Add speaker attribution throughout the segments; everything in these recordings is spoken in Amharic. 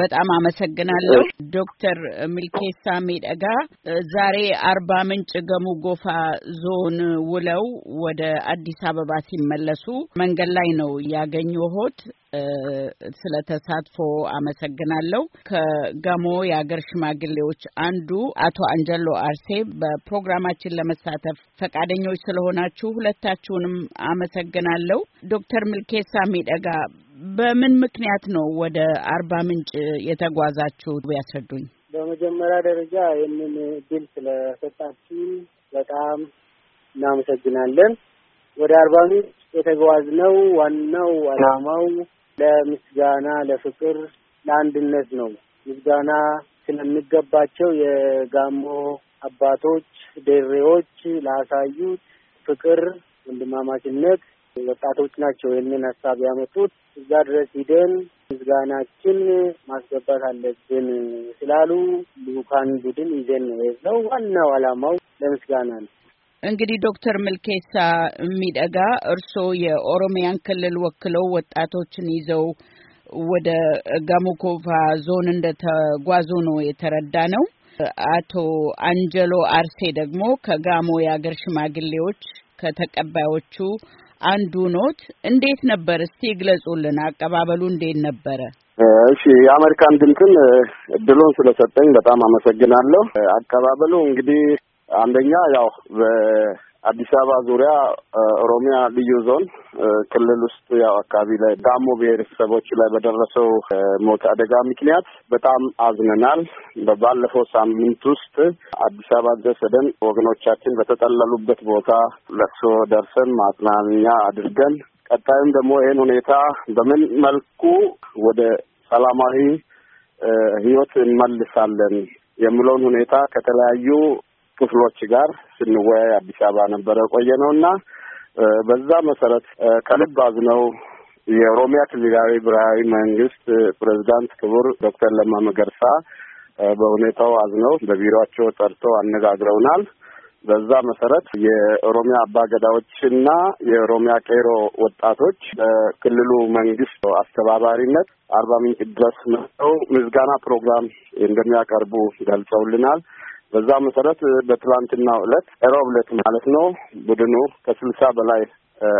Speaker 1: በጣም አመሰግናለሁ። ዶክተር ሚልኬሳ ሜደጋ ዛሬ አርባ ምንጭ ገሙ ጎፋ ዞን ውለው ወደ አዲስ አበባ ሲመለሱ መንገድ ላይ ነው ያገኘሁት። ስለ ተሳትፎ አመሰግናለሁ። ከገሞ የአገር ሽማግሌዎች አንዱ አቶ አንጀሎ አርሴ በፕሮግራማችን ለመሳተፍ ፈቃደኞች ስለሆናችሁ ሁለታችሁንም አመሰግናለሁ። ዶክተር ሚልኬሳ ሜደጋ በምን ምክንያት ነው ወደ አርባ ምንጭ የተጓዛችሁ? ያስረዱኝ።
Speaker 2: በመጀመሪያ ደረጃ ይህንን እድል ስለሰጣችሁ በጣም እናመሰግናለን። ወደ አርባ ምንጭ የተጓዝነው ዋናው ዓላማው ለምስጋና፣ ለፍቅር፣ ለአንድነት ነው። ምስጋና ስለሚገባቸው የጋሞ አባቶች ደሬዎች ላሳዩት ፍቅር፣ ወንድማማችነት ወጣቶች ናቸው ይህንን ሀሳብ ያመጡት። እዛ ድረስ ሂደን ምስጋናችን ማስገባት አለብን ስላሉ ልኡካን ቡድን ይዘን ነው የሄድነው። ዋናው አላማው ለምስጋና ነው።
Speaker 1: እንግዲህ ዶክተር ምልኬሳ የሚደጋ እርስዎ የኦሮሚያን ክልል ወክለው ወጣቶችን ይዘው ወደ ጋሞኮፋ ዞን እንደተጓዙ ነው የተረዳ ነው። አቶ አንጀሎ አርሴ ደግሞ ከጋሞ የአገር ሽማግሌዎች ከተቀባዮቹ አንዱ ኖት። እንዴት ነበር? እስቲ ግለጹልን። አቀባበሉ እንዴት ነበረ?
Speaker 3: እሺ የአሜሪካን ድምፅን እድሉን ስለሰጠኝ በጣም አመሰግናለሁ። አቀባበሉ እንግዲህ አንደኛ ያው አዲስ አበባ ዙሪያ ኦሮሚያ ልዩ ዞን ክልል ውስጥ ያው አካባቢ ላይ ዳሞ ብሔረሰቦች ላይ በደረሰው ሞት አደጋ ምክንያት በጣም አዝነናል። ባለፈው ሳምንት ውስጥ አዲስ አበባ ድረስ ሄደን ወገኖቻችን በተጠለሉበት ቦታ ለቅሶ ደርሰን ማጽናኛ አድርገን ቀጣይም ደግሞ ይህን ሁኔታ በምን መልኩ ወደ ሰላማዊ ህይወት እንመልሳለን የሚለውን ሁኔታ ከተለያዩ ክፍሎች ጋር ስንወያይ አዲስ አበባ ነበረ ቆየ ነው እና በዛ መሰረት ከልብ አዝነው የኦሮሚያ ክልላዊ ብሔራዊ መንግስት ፕሬዚዳንት ክቡር ዶክተር ለማ መገርሳ በሁኔታው አዝነው በቢሮቸው ጠርቶ አነጋግረውናል። በዛ መሰረት የኦሮሚያ አባገዳዎችና የኦሮሚያ ቄሮ ወጣቶች በክልሉ መንግስት አስተባባሪነት አርባ ምንጭ ድረስ መጥተው ምዝጋና ፕሮግራም እንደሚያቀርቡ ገልጸውልናል። በዛ መሰረት በትላንትና ዕለት ሮብ ዕለት ማለት ነው ቡድኑ ከስልሳ በላይ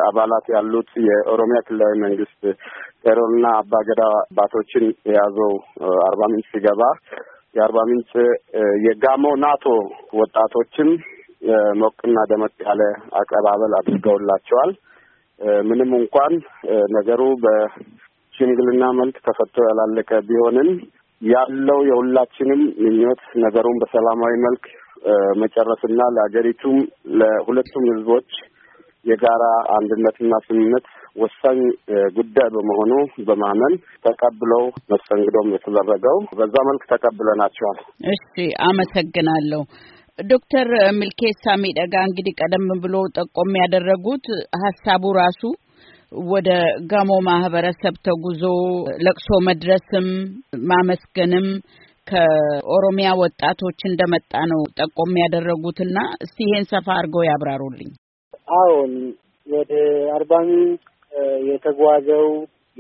Speaker 3: አባላት ያሉት የኦሮሚያ ክልላዊ መንግስት ቄሮና አባገዳ አባቶችን የያዘው አርባ ምንጭ ሲገባ የአርባ ምንጭ የጋሞ ናቶ ወጣቶችም ሞቅና ደመቅ ያለ አቀባበል አድርገውላቸዋል። ምንም እንኳን ነገሩ በሽምግልና መልክ ተፈቶ ያላለቀ ቢሆንም ያለው የሁላችንም ምኞት ነገሩን በሰላማዊ መልክ መጨረስና ለሀገሪቱም ለሁለቱም ህዝቦች የጋራ አንድነትና ስምምነት ወሳኝ ጉዳይ በመሆኑ በማመን ተቀብለው መስተንግዶም የተደረገው በዛ መልክ ተቀብለናቸዋል።
Speaker 1: እሺ፣ አመሰግናለሁ። ዶክተር ሚልኬሳ ሚደጋ እንግዲህ ቀደም ብሎ ጠቆም ያደረጉት ሀሳቡ ራሱ ወደ ጋሞ ማህበረሰብ ተጉዞ ለቅሶ መድረስም ማመስገንም ከኦሮሚያ ወጣቶች እንደመጣ ነው ጠቆም ያደረጉትና እስቲ ይሄን ሰፋ አድርገው ያብራሩልኝ።
Speaker 2: አዎን ወደ አርባ ምንጭ የተጓዘው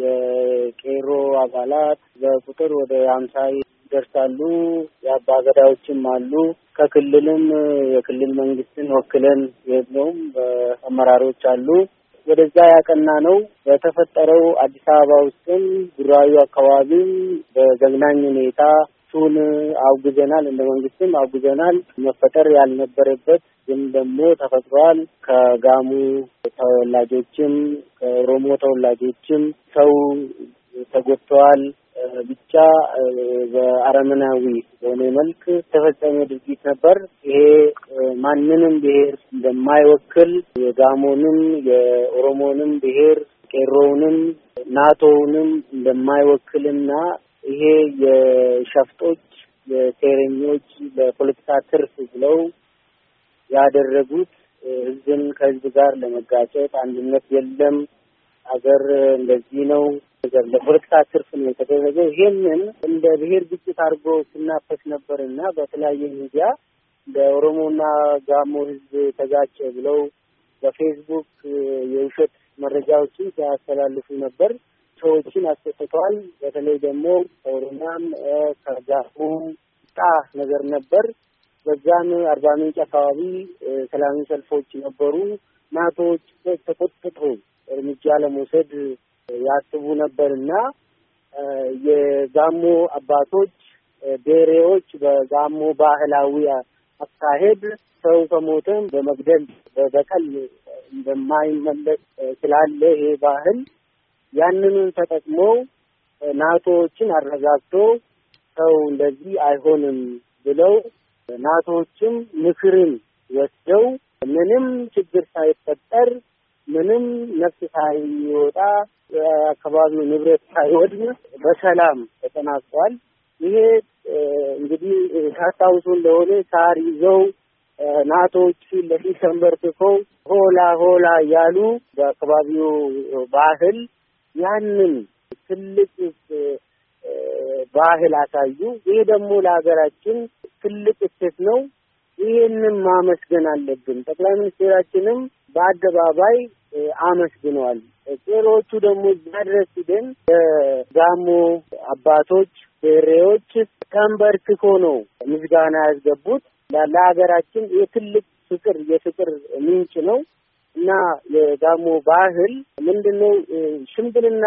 Speaker 2: የቄሮ አባላት በቁጥር ወደ አምሳ ይደርሳሉ። የአባገዳዎችም አሉ። ከክልልም የክልል መንግስትን ወክለን የሄድነውም አመራሮች አሉ። ወደዛ ያቀና ነው። በተፈጠረው አዲስ አበባ ውስጥም ጉራዩ አካባቢም በዘግናኝ ሁኔታ እሱን አውግዘናል፣ እንደ መንግስትም አውግዘናል። መፈጠር ያልነበረበት ግን ደግሞ ተፈጥሯል። ከጋሙ ተወላጆችም ከኦሮሞ ተወላጆችም ሰው ተጎድተዋል። ብቻ በአረመናዊ በሆነ መልክ ተፈጸመ ድርጊት ነበር። ይሄ ማንንም ብሔር እንደማይወክል የጋሞንም የኦሮሞንም ብሔር ቄሮውንም ናቶውንም እንደማይወክልና ይሄ የሸፍጦች የሴረኞች ለፖለቲካ ትርፍ ብለው ያደረጉት ህዝብን ከህዝብ ጋር ለመጋጨት አንድነት የለም፣ አገር እንደዚህ ነው ነገር ለፖለቲካ ትርፍ ነው የተደረገ። ይህንን እንደ ብሔር ግጭት አድርጎ ሲናፈስ ነበር እና በተለያየ ሚዲያ በኦሮሞና ጋሞ ህዝብ ተጋጨ ብለው በፌስቡክ የውሸት መረጃዎችን ሲያስተላልፉ ነበር። ሰዎችን አስቆጥተዋል። በተለይ ደግሞ ከኦሮሚያም ከጋሞ ጣ ነገር ነበር። በዛም አርባ ምንጭ አካባቢ ሰላማዊ ሰልፎች ነበሩ። ናቶች ተቆጥቶ እርምጃ ለመውሰድ ያስቡ ነበር እና የጋሞ አባቶች ቤሬዎች በጋሞ ባህላዊ አካሄድ ሰው ከሞተም በመግደል በበቀል እንደማይመለስ ስላለ ይሄ ባህል ያንኑን ተጠቅመው ናቶዎችን አረጋግቶ ሰው እንደዚህ አይሆንም ብለው ናቶዎችም ምክርን ወስደው ምንም ችግር ሳይፈጠር ምንም ነፍስ ሳይወጣ የአካባቢው ንብረት ሳይወድም በሰላም ተጠናቋል። ይሄ እንግዲህ ታስታውሱ እንደሆነ ሳር ይዘው ናቶች ፊት ለፊት ተንበርክከው ሆላ ሆላ እያሉ በአካባቢው ባህል ያንን ትልቅ ባህል አሳዩ። ይሄ ደግሞ ለሀገራችን ትልቅ እሴት ነው። ይሄንን ማመስገን አለብን። ጠቅላይ ሚኒስትራችንም በአደባባይ አመስግነዋል። ሌሎቹ ደግሞ እዛ ድረስ ግን ጋሞ አባቶች፣ ሬዎች ተንበርክኮ ነው ምስጋና ያስገቡት። ለሀገራችን የትልቅ ፍቅር የፍቅር ምንጭ ነው እና የጋሞ ባህል ምንድን ነው? ሽምግልና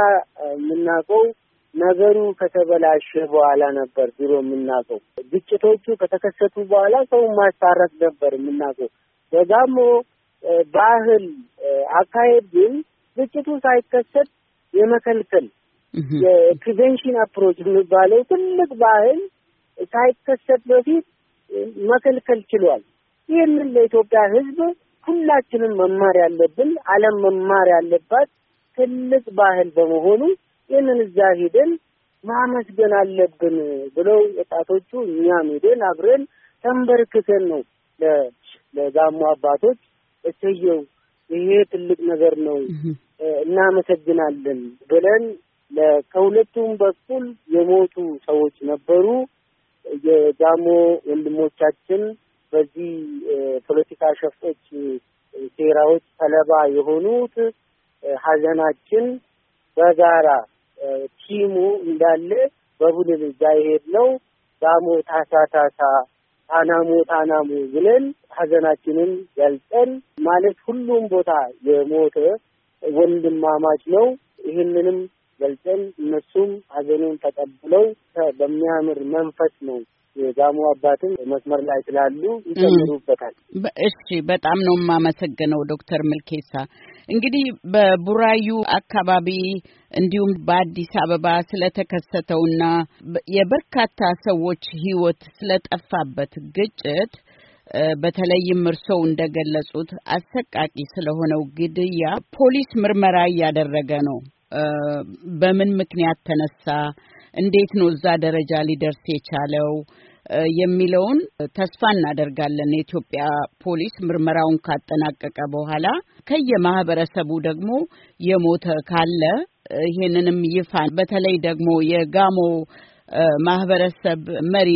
Speaker 2: የምናውቀው ነገሩ ከተበላሸ በኋላ ነበር። ድሮ የምናውቀው ግጭቶቹ ከተከሰቱ በኋላ ሰው ማስታረቅ ነበር የምናውቀው በጋሞ ባህል፣ አካሄድ ግን ግጭቱ ሳይከሰት የመከልከል የፕሪቬንሽን አፕሮች የሚባለው ትልቅ ባህል ሳይከሰት በፊት መከልከል ችሏል። ይህንን ለኢትዮጵያ ሕዝብ ሁላችንም መማር ያለብን ዓለም መማር ያለባት ትልቅ ባህል በመሆኑ ይህንን እዛ ሂደን ማመስገን አለብን ብለው ወጣቶቹ እኛም ሄደን አብረን ተንበርክተን ነው ለጋሞ አባቶች እሰየው ይሄ ትልቅ ነገር ነው እናመሰግናለን ብለን ከሁለቱም በኩል የሞቱ ሰዎች ነበሩ። የጋሞ ወንድሞቻችን በዚህ ፖለቲካ ሸፍጦች ሴራዎች ሰለባ የሆኑት ሀዘናችን በጋራ ቲሙ እንዳለ በቡድን እዛ የሄድነው ጋሞ ታሳ ታሳ ጣናሞ ጣናሞ ብለን ሀዘናችንን ገልጸን ማለት ሁሉም ቦታ የሞተ ወንድማማች ነው። ይህንንም ገልጸን እነሱም ሀዘኑን ተቀብለው በሚያምር መንፈስ ነው የጋሞ አባትም መስመር ላይ ስላሉ ይጨምሩበታል።
Speaker 1: እሺ፣ በጣም ነው የማመሰግነው ዶክተር ምልኬሳ። እንግዲህ በቡራዩ አካባቢ እንዲሁም በአዲስ አበባ ስለተከሰተውና የበርካታ ሰዎች ሕይወት ስለጠፋበት ግጭት በተለይም እርስዎ እንደገለጹት አሰቃቂ ስለሆነው ግድያ ፖሊስ ምርመራ እያደረገ ነው። በምን ምክንያት ተነሳ እንዴት ነው እዛ ደረጃ ሊደርስ የቻለው የሚለውን ተስፋ እናደርጋለን። የኢትዮጵያ ፖሊስ ምርመራውን ካጠናቀቀ በኋላ ከየማህበረሰቡ ደግሞ የሞተ ካለ ይሄንንም ይፋ በተለይ ደግሞ የጋሞ ማህበረሰብ መሪ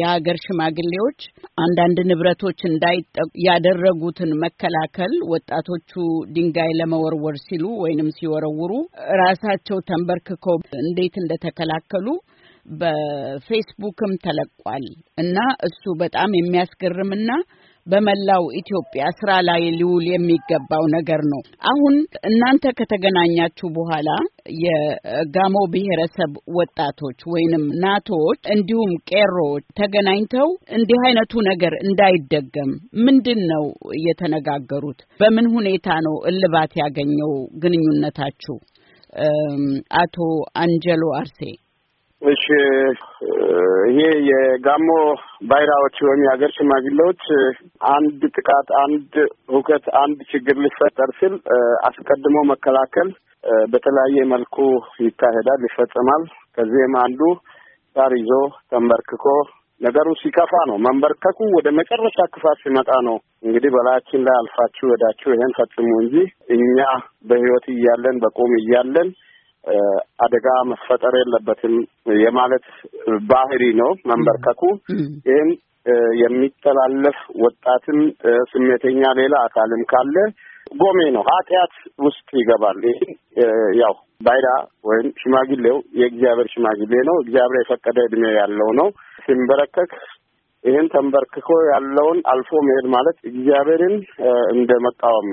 Speaker 1: የሀገር ሽማግሌዎች አንዳንድ ንብረቶች እንዳይጠቁ ያደረጉትን መከላከል ወጣቶቹ ድንጋይ ለመወርወር ሲሉ ወይንም ሲወረውሩ ራሳቸው ተንበርክከው እንዴት እንደተከላከሉ በፌስቡክም ተለቋል እና እሱ በጣም የሚያስገርምና በመላው ኢትዮጵያ ስራ ላይ ሊውል የሚገባው ነገር ነው። አሁን እናንተ ከተገናኛችሁ በኋላ የጋሞ ብሔረሰብ ወጣቶች ወይንም ናቶዎች እንዲሁም ቄሮዎች ተገናኝተው እንዲህ አይነቱ ነገር እንዳይደገም ምንድን ነው እየተነጋገሩት? በምን ሁኔታ ነው እልባት ያገኘው ግንኙነታችሁ? አቶ አንጀሎ አርሴ
Speaker 3: እሺ ይሄ የጋሞ ባይራዎች ወይም የሀገር ሽማግሌዎች አንድ ጥቃት፣ አንድ ሁከት፣ አንድ ችግር ሊፈጠር ሲል አስቀድሞ መከላከል በተለያየ መልኩ ይካሄዳል፣ ይፈጽማል። ከዚህም አንዱ ሳር ይዞ ተንበርክኮ ነገሩ ሲከፋ ነው። መንበርከኩ ወደ መጨረሻ ክፋት ሲመጣ ነው እንግዲህ በላያችን ላይ አልፋችሁ ሄዳችሁ ይሄን ፈጽሙ እንጂ እኛ በህይወት እያለን በቁም እያለን አደጋ መፈጠር የለበትም የማለት ባህሪ ነው መንበርከኩ። ይህም የሚተላለፍ ወጣትም ስሜተኛ ሌላ አካልም ካለ ጎሜ ነው ኃጢአት ውስጥ ይገባል። ያው ባይዳ ወይም ሽማግሌው የእግዚአብሔር ሽማግሌ ነው። እግዚአብሔር የፈቀደ እድሜ ያለው ነው። ሲንበረከክ ይህን ተንበርክኮ ያለውን አልፎ መሄድ ማለት እግዚአብሔርን እንደ መቃወም፣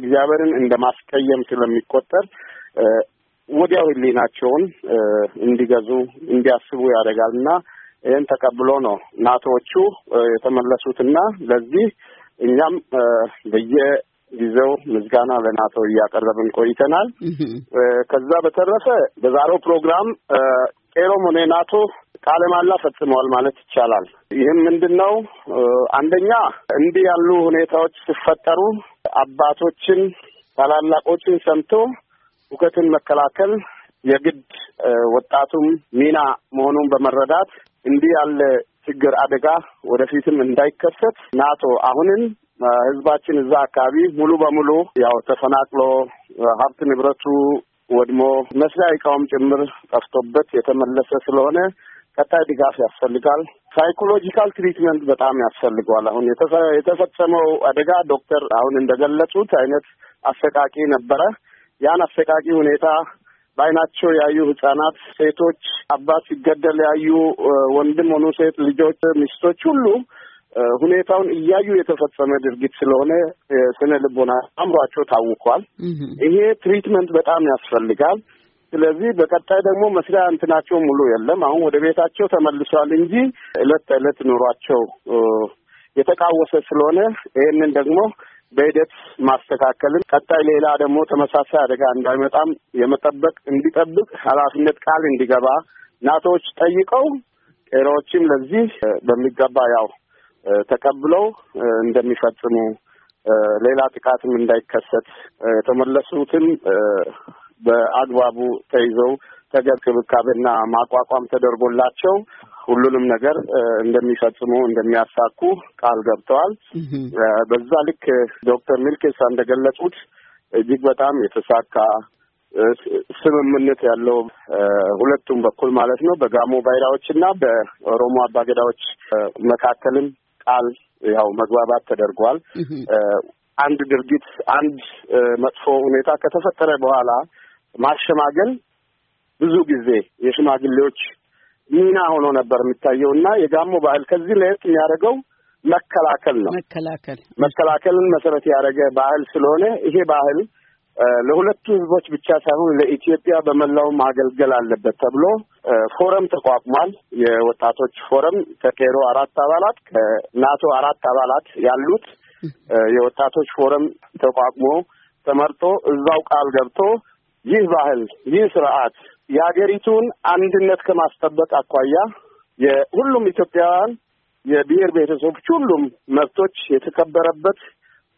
Speaker 3: እግዚአብሔርን እንደ ማስቀየም ስለሚቆጠር ወዲያው ህሊናቸውን እንዲገዙ እንዲያስቡ ያደርጋል እና ይህን ተቀብሎ ነው ናቶዎቹ የተመለሱትና ለዚህ እኛም በየጊዜው ምዝጋና ለናቶ እያቀረብን ቆይተናል። ከዛ በተረፈ በዛሬው ፕሮግራም ቄሮም ሆነ ናቶ ቃለ መሃላ ፈጽመዋል ማለት ይቻላል። ይህም ምንድን ነው? አንደኛ እንዲህ ያሉ ሁኔታዎች ሲፈጠሩ አባቶችን ታላላቆችን ሰምቶ ሁከትን መከላከል የግድ ወጣቱም ሚና መሆኑን በመረዳት እንዲህ ያለ ችግር አደጋ ወደፊትም እንዳይከሰት ናቶ አሁንም ህዝባችን እዛ አካባቢ ሙሉ በሙሉ ያው ተፈናቅሎ ሀብት ንብረቱ ወድሞ መስሪያ እቃውም ጭምር ጠፍቶበት የተመለሰ ስለሆነ ቀጣይ ድጋፍ ያስፈልጋል። ሳይኮሎጂካል ትሪትመንት በጣም ያስፈልገዋል። አሁን የተፈጸመው አደጋ ዶክተር አሁን እንደገለጹት አይነት አሰቃቂ ነበረ። ያን አሰቃቂ ሁኔታ በአይናቸው ያዩ ህጻናት፣ ሴቶች፣ አባት ሲገደል ያዩ ወንድም ሆኑ ሴት ልጆች፣ ሚስቶች ሁሉ ሁኔታውን እያዩ የተፈጸመ ድርጊት ስለሆነ ስነ ልቦና አእምሯቸው ታውቋል። ይሄ ትሪትመንት በጣም ያስፈልጋል። ስለዚህ በቀጣይ ደግሞ መስሪያ እንትናቸው ሙሉ የለም። አሁን ወደ ቤታቸው ተመልሷል እንጂ እለት ተዕለት ኑሯቸው የተቃወሰ ስለሆነ ይህንን ደግሞ በሂደት ማስተካከልን ቀጣይ ሌላ ደግሞ ተመሳሳይ አደጋ እንዳይመጣም የመጠበቅ እንዲጠብቅ ኃላፊነት ቃል እንዲገባ ናቶዎች ጠይቀው ቄሮዎችም ለዚህ በሚገባ ያው ተቀብለው እንደሚፈጽሙ ሌላ ጥቃትም እንዳይከሰት የተመለሱትን በአግባቡ ተይዘው ተገቢ ክብካቤና ማቋቋም ተደርጎላቸው ሁሉንም ነገር እንደሚፈጽሙ እንደሚያሳኩ ቃል ገብተዋል። በዛ ልክ ዶክተር ሚልኬሳ እንደገለጹት እጅግ በጣም የተሳካ ስምምነት ያለው ሁለቱም በኩል ማለት ነው በጋሞ ባይራዎች እና በኦሮሞ አባገዳዎች መካከልም ቃል ያው መግባባት ተደርጓል። አንድ ድርጊት አንድ መጥፎ ሁኔታ ከተፈጠረ በኋላ ማሸማገል ብዙ ጊዜ የሽማግሌዎች ሚና ሆኖ ነበር የሚታየው እና የጋሞ ባህል ከዚህ ለየት የሚያደርገው መከላከል ነው። መከላከል መከላከልን መሰረት ያደረገ ባህል ስለሆነ ይሄ ባህል ለሁለቱ ህዝቦች ብቻ ሳይሆን ለኢትዮጵያ በመላው ማገልገል አለበት ተብሎ ፎረም ተቋቁሟል። የወጣቶች ፎረም ከቴሮ አራት አባላት ከናቶ አራት አባላት ያሉት የወጣቶች ፎረም ተቋቁሞ ተመርጦ እዛው ቃል ገብቶ ይህ ባህል ይህ ስርዓት የሀገሪቱን አንድነት ከማስጠበቅ አኳያ የሁሉም ኢትዮጵያውያን የብሔር ብሔረሰቦች ሁሉም መብቶች የተከበረበት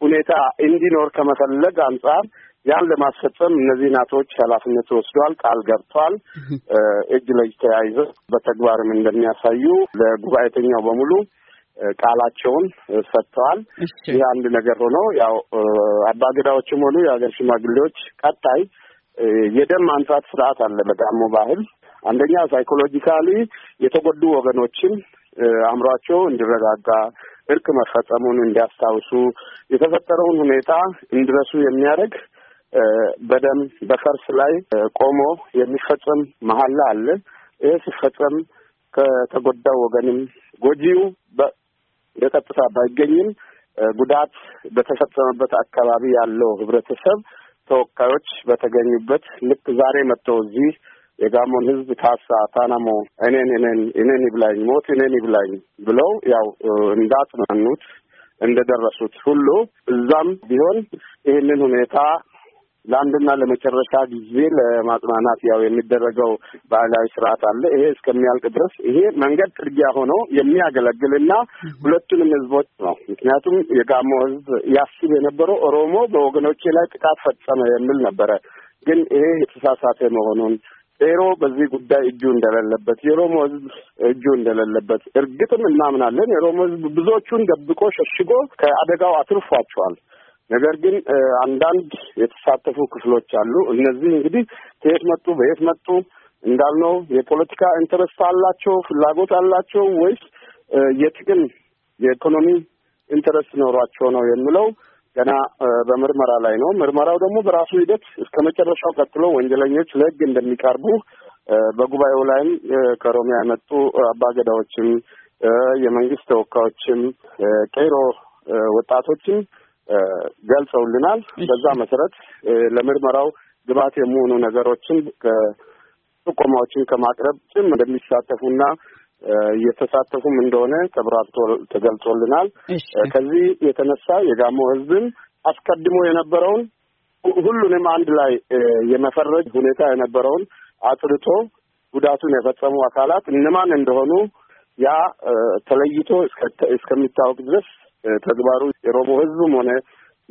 Speaker 3: ሁኔታ እንዲኖር ከመፈለግ አንጻር ያን ለማስፈጸም እነዚህ ናቶች ኃላፊነት ወስዷል፣ ቃል ገብቷል። እጅ ለእጅ ተያይዘ በተግባርም እንደሚያሳዩ ለጉባኤተኛው በሙሉ ቃላቸውን ሰጥተዋል። ይህ አንድ ነገር ሆኖ ያው አባገዳዎችም ሆኑ የሀገር ሽማግሌዎች ቀጣይ የደም ማንሳት ስርዓት አለ በጋሞ ባህል። አንደኛ ሳይኮሎጂካሊ የተጎዱ ወገኖችን አእምሯቸው እንዲረጋጋ እርቅ መፈጸሙን እንዲያስታውሱ የተፈጠረውን ሁኔታ እንድረሱ የሚያደርግ በደም በፈርስ ላይ ቆሞ የሚፈጸም መሀላ አለ። ይህ ሲፈጸም ከተጎዳው ወገንም ጎጂው በቀጥታ ባይገኝም ጉዳት በተፈጸመበት አካባቢ ያለው ህብረተሰብ ተወካዮች በተገኙበት ልክ ዛሬ መጥተው እዚህ የጋሞን ህዝብ ታሳ ታናሞ እኔን እኔን እኔን ይብላኝ ሞት እኔን ይብላኝ ብለው ያው እንዳጽናኑት እንደደረሱት ሁሉ እዛም ቢሆን ይህንን ሁኔታ ለአንድና ለመጨረሻ ጊዜ ለማጽናናት ያው የሚደረገው ባህላዊ ስርዓት አለ። ይሄ እስከሚያልቅ ድረስ ይሄ መንገድ ጥርጊያ ሆኖ የሚያገለግልና ሁለቱንም ህዝቦች ነው። ምክንያቱም የጋሞ ህዝብ ያስብ የነበረው ኦሮሞ በወገኖቼ ላይ ጥቃት ፈጸመ የሚል ነበረ። ግን ይሄ የተሳሳተ መሆኑን ሮ በዚህ ጉዳይ እጁ እንደሌለበት የኦሮሞ ህዝብ እጁ እንደሌለበት እርግጥም እናምናለን። የኦሮሞ ህዝብ ብዙዎቹን ደብቆ ሸሽጎ ከአደጋው አትርፏቸዋል። ነገር ግን አንዳንድ የተሳተፉ ክፍሎች አሉ። እነዚህ እንግዲህ ከየት መጡ፣ በየት መጡ እንዳልነው የፖለቲካ ኢንተረስት አላቸው፣ ፍላጎት አላቸው ወይስ የጥቅም የኢኮኖሚ ኢንተረስት ኖሯቸው ነው የሚለው ገና በምርመራ ላይ ነው። ምርመራው ደግሞ በራሱ ሂደት እስከ መጨረሻው ቀጥሎ ወንጀለኞች ለሕግ እንደሚቀርቡ በጉባኤው ላይም ከኦሮሚያ የመጡ አባገዳዎችም የመንግስት ተወካዮችም ቀይሮ ወጣቶችም ገልጸውልናል። በዛ መሰረት ለምርመራው ግብዓት የሚሆኑ ነገሮችን ጥቆማዎችን ከማቅረብ ጭም እንደሚሳተፉና እየተሳተፉም እንደሆነ ተብራርቶ ተገልጾልናል። ከዚህ የተነሳ የጋሞ ሕዝብም አስቀድሞ የነበረውን ሁሉንም አንድ ላይ የመፈረጅ ሁኔታ የነበረውን አጥርቶ ጉዳቱን የፈጸሙ አካላት እነማን እንደሆኑ ያ ተለይቶ እስከሚታወቅ ድረስ ተግባሩ የኦሮሞ ህዝብም ሆነ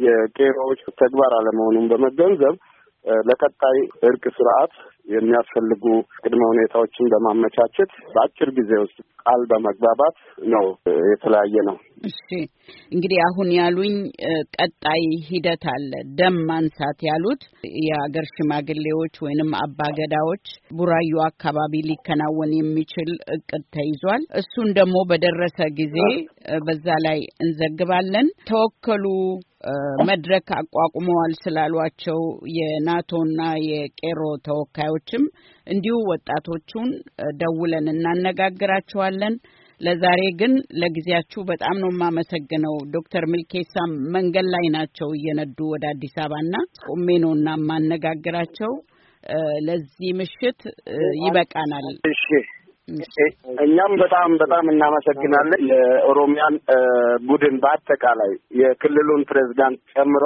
Speaker 3: የቄሮዎች ተግባር አለመሆኑን በመገንዘብ ለቀጣይ እርቅ ስርዓት የሚያስፈልጉ ቅድመ ሁኔታዎችን በማመቻቸት በአጭር ጊዜ ውስጥ ቃል በመግባባት ነው የተለያየ ነው።
Speaker 1: እሺ እንግዲህ አሁን ያሉኝ ቀጣይ ሂደት አለ። ደም ማንሳት ያሉት የአገር ሽማግሌዎች ወይንም አባገዳዎች ቡራዩ አካባቢ ሊከናወን የሚችል እቅድ ተይዟል። እሱን ደግሞ በደረሰ ጊዜ በዛ ላይ እንዘግባለን። ተወከሉ መድረክ አቋቁመዋል ስላሏቸው የናቶና የቄሮ ተወካዮች ሰዎችም እንዲሁ ወጣቶቹን ደውለን እናነጋግራቸዋለን። ለዛሬ ግን ለጊዜያችሁ በጣም ነው የማመሰግነው። ዶክተር ሚልኬሳም መንገድ ላይ ናቸው እየነዱ ወደ አዲስ አበባና ቁሜ ነው እና የማነጋግራቸው። ለዚህ ምሽት ይበቃናል።
Speaker 3: እኛም በጣም በጣም እናመሰግናለን። የኦሮሚያን ቡድን በአጠቃላይ የክልሉን ፕሬዚዳንት ጨምሮ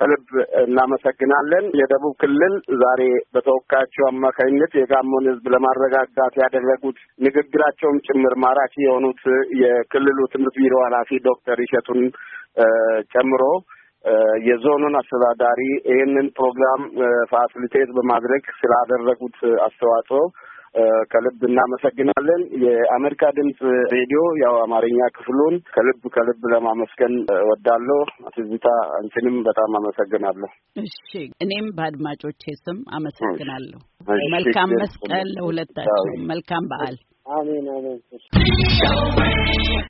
Speaker 3: ከልብ እናመሰግናለን። የደቡብ ክልል ዛሬ በተወካያቸው አማካኝነት የጋሞን ሕዝብ ለማረጋጋት ያደረጉት ንግግራቸውም ጭምር ማራኪ የሆኑት የክልሉ ትምህርት ቢሮ ኃላፊ ዶክተር ይሸቱን ጨምሮ የዞኑን አስተዳዳሪ ይህንን ፕሮግራም ፋሲሊቴት በማድረግ ስላደረጉት አስተዋጽኦ ከልብ እናመሰግናለን። የአሜሪካ ድምፅ ሬዲዮ ያው አማርኛ ክፍሉን ከልብ ከልብ ለማመስገን ወዳለሁ። ትዝታ አንቺንም በጣም አመሰግናለሁ።
Speaker 1: እሺ እኔም በአድማጮቼ ስም አመሰግናለሁ።
Speaker 3: መልካም መስቀል ለሁለታችሁ፣
Speaker 1: መልካም በዓል።
Speaker 2: አሜን አሜን።